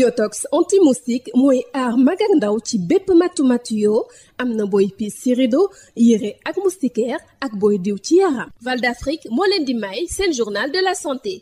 yotox anti-moustique mooy aar mag ndaw ci bépp matu-matu yoo am na booy piis ci rido yére ak moustiquaire ak booy diw ci yaram Val d'Afrique moo leen di may seen journal de la santé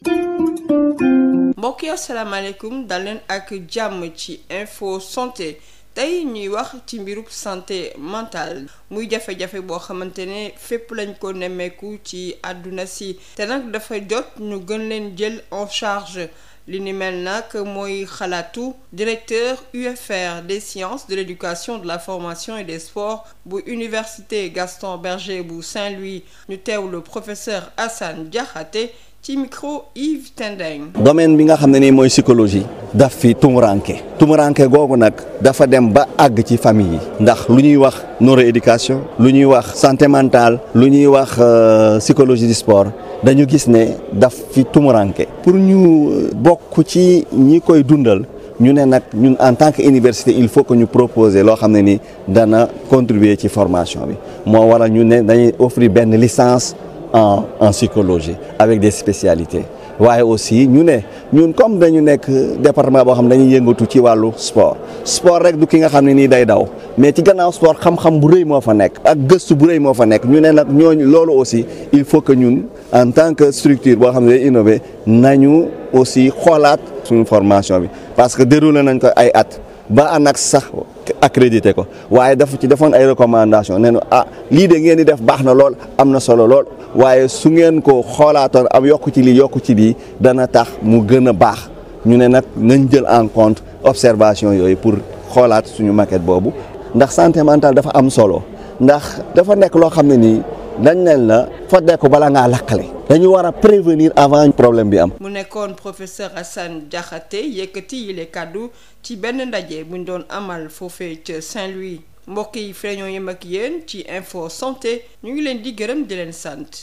mbokk yi asalaamaaleykum dal leen ak jàmm ci info santé tey ñuy wax ci mbirub santé mentale muy jafe-jafe boo xamante ne fépp lañ ko nemmeeku ci àdduna si te nag dafa jot ñu gën leen jël en charge li ni mel nag mooy xalaatu directeur UFR des sciences de l'éducation de la formation et des sports bu université Gaston Berger bu Saint-Louis ñu teew le professeur Assane Diakhaté ci micro Yves Tendeng. domaine bi nga xam ne ni mooy psychologie. daf fi tumuranke tumuranke googu nag dafa dem ba àgg ci famille yi ndax lu ñuy wax neuroéducation lu ñuy wax santé lu ñuy wax euh, psychologie du sport. dañu gis ne daf fi tumuranke pour ñu euh, bokk ci ñi koy dundal ñu ne nag ñun en tant que université il faut que ñu proposer loo xam ne nii dana contribuer ci formation bi moo waral ñu ne dañuy offrir benn licence en en psychologie avec des spécialités waaye aussi ñu ne ñun comme dañu nekk département boo xam ne dañuy yëngatu ci wàllu sport sport rek ki nga xam ne nii day daw mais ci gannaaw sport xam-xam bu rëy moo fa nekk ak gëstu bu rëy moo fa nekk ñu ne nag ñooñu loolu aussi il faut que ñun. en tant que structure boo xam ne day innové nañu aussi xoolaat suñu formation bi parce que déroulé nañ ko ay at ba anak sax accrédité ko waaye dafa ci defoon ay recommandation nee ah lii de ngeen di def baax na lool am na solo lool waaye su ngeen ko xoolaatoon am yokku ci lii yokk ci lii dana tax mu gën a baax ñu ne nag nañ jël en compte observation yooyu pour xoolaat suñu maquette boobu ndax santé dafa am solo ndax dafa nekk loo xam ne nii dañ neel na foddeeku bala ngaa lakkale dañu war a prévenir avant problème bi am mu nekkoon professeur Assane Diakhaté yëkkati yile kàddu ci benn ndaje buñ doon amal foofee ca Saint-Louis mbokk yi freñoo yem ak yéen ci info santé ñu ngi leen di gërëm di leen sant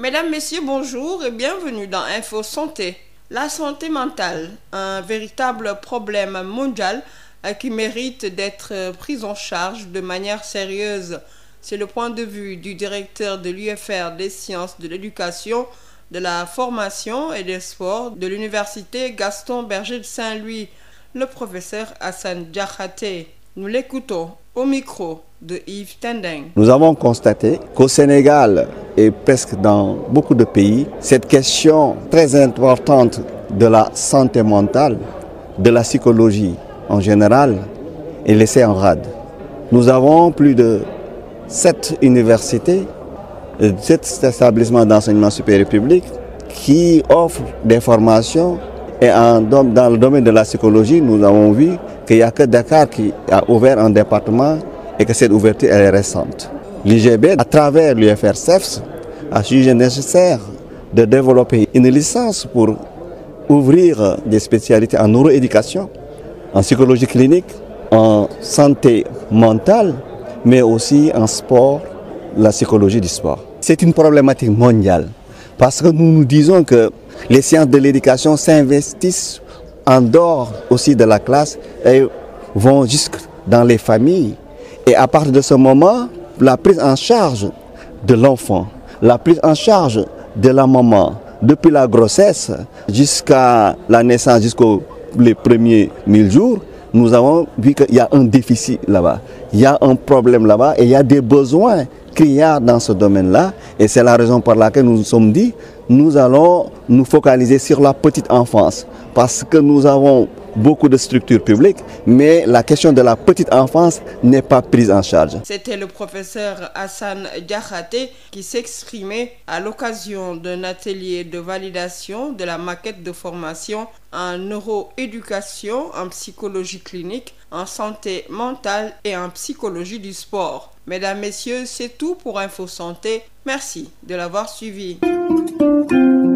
Mesdames, Messieurs, bonjour et bienvenue dans Info Santé. La santé mentale, un véritable problème mondial euh, qui mérite d'être euh, pris en charge de manière sérieuse. C'est le point de vue du directeur de l'UFR des sciences de l'éducation, de la formation et des sports de l'université Gaston Berger de Saint-Louis, le professeur Hassan Diakhaté. Nous l'écoutons au micro de Yves Tendeng. Nous avons constaté qu'au Sénégal, et presque dans beaucoup de pays, cette question très importante de la santé mentale, de la psychologie en général, est laissée en rade. Nous avons plus de sept universités, sept établissements d'enseignement supérieur public qui offrent des formations. Et en, dans le domaine de la psychologie, nous avons vu qu'il n'y a que Dakar qui a ouvert un département et que cette ouverture est récente. l'IGB, à travers l'UFRCEF, e a jugé nécessaire de développer une licence pour ouvrir des spécialités en neuroéducation, en psychologie clinique, en santé mentale, mais aussi en sport, la psychologie du sport. C'est une problématique mondiale parce que nous nous disons que les sciences de l'éducation s'investissent en dehors aussi de la classe et vont jusque dans les familles. Et à partir de ce moment, la prise en charge de l'enfant, la prise en charge de la maman, depuis la grossesse jusqu'à la naissance, jusqu'aux les premiers 1000 jours, nous avons vu qu'il y a un déficit là-bas. Il y a un problème là-bas et il y a des besoins criards dans ce domaine-là. Et c'est la raison par laquelle nous nous sommes dit, nous allons nous focaliser sur la petite enfance. parce que nous avons beaucoup de structures publiques, mais la question de la petite enfance n'est pas prise en charge. C'était le professeur Hassan Diakhaté qui s'exprimait à l'occasion d'un atelier de validation de la maquette de formation en neuroéducation, en psychologie clinique, en santé mentale et en psychologie du sport. Mesdames, Messieurs, c'est tout pour Info Santé. Merci de l'avoir suivi.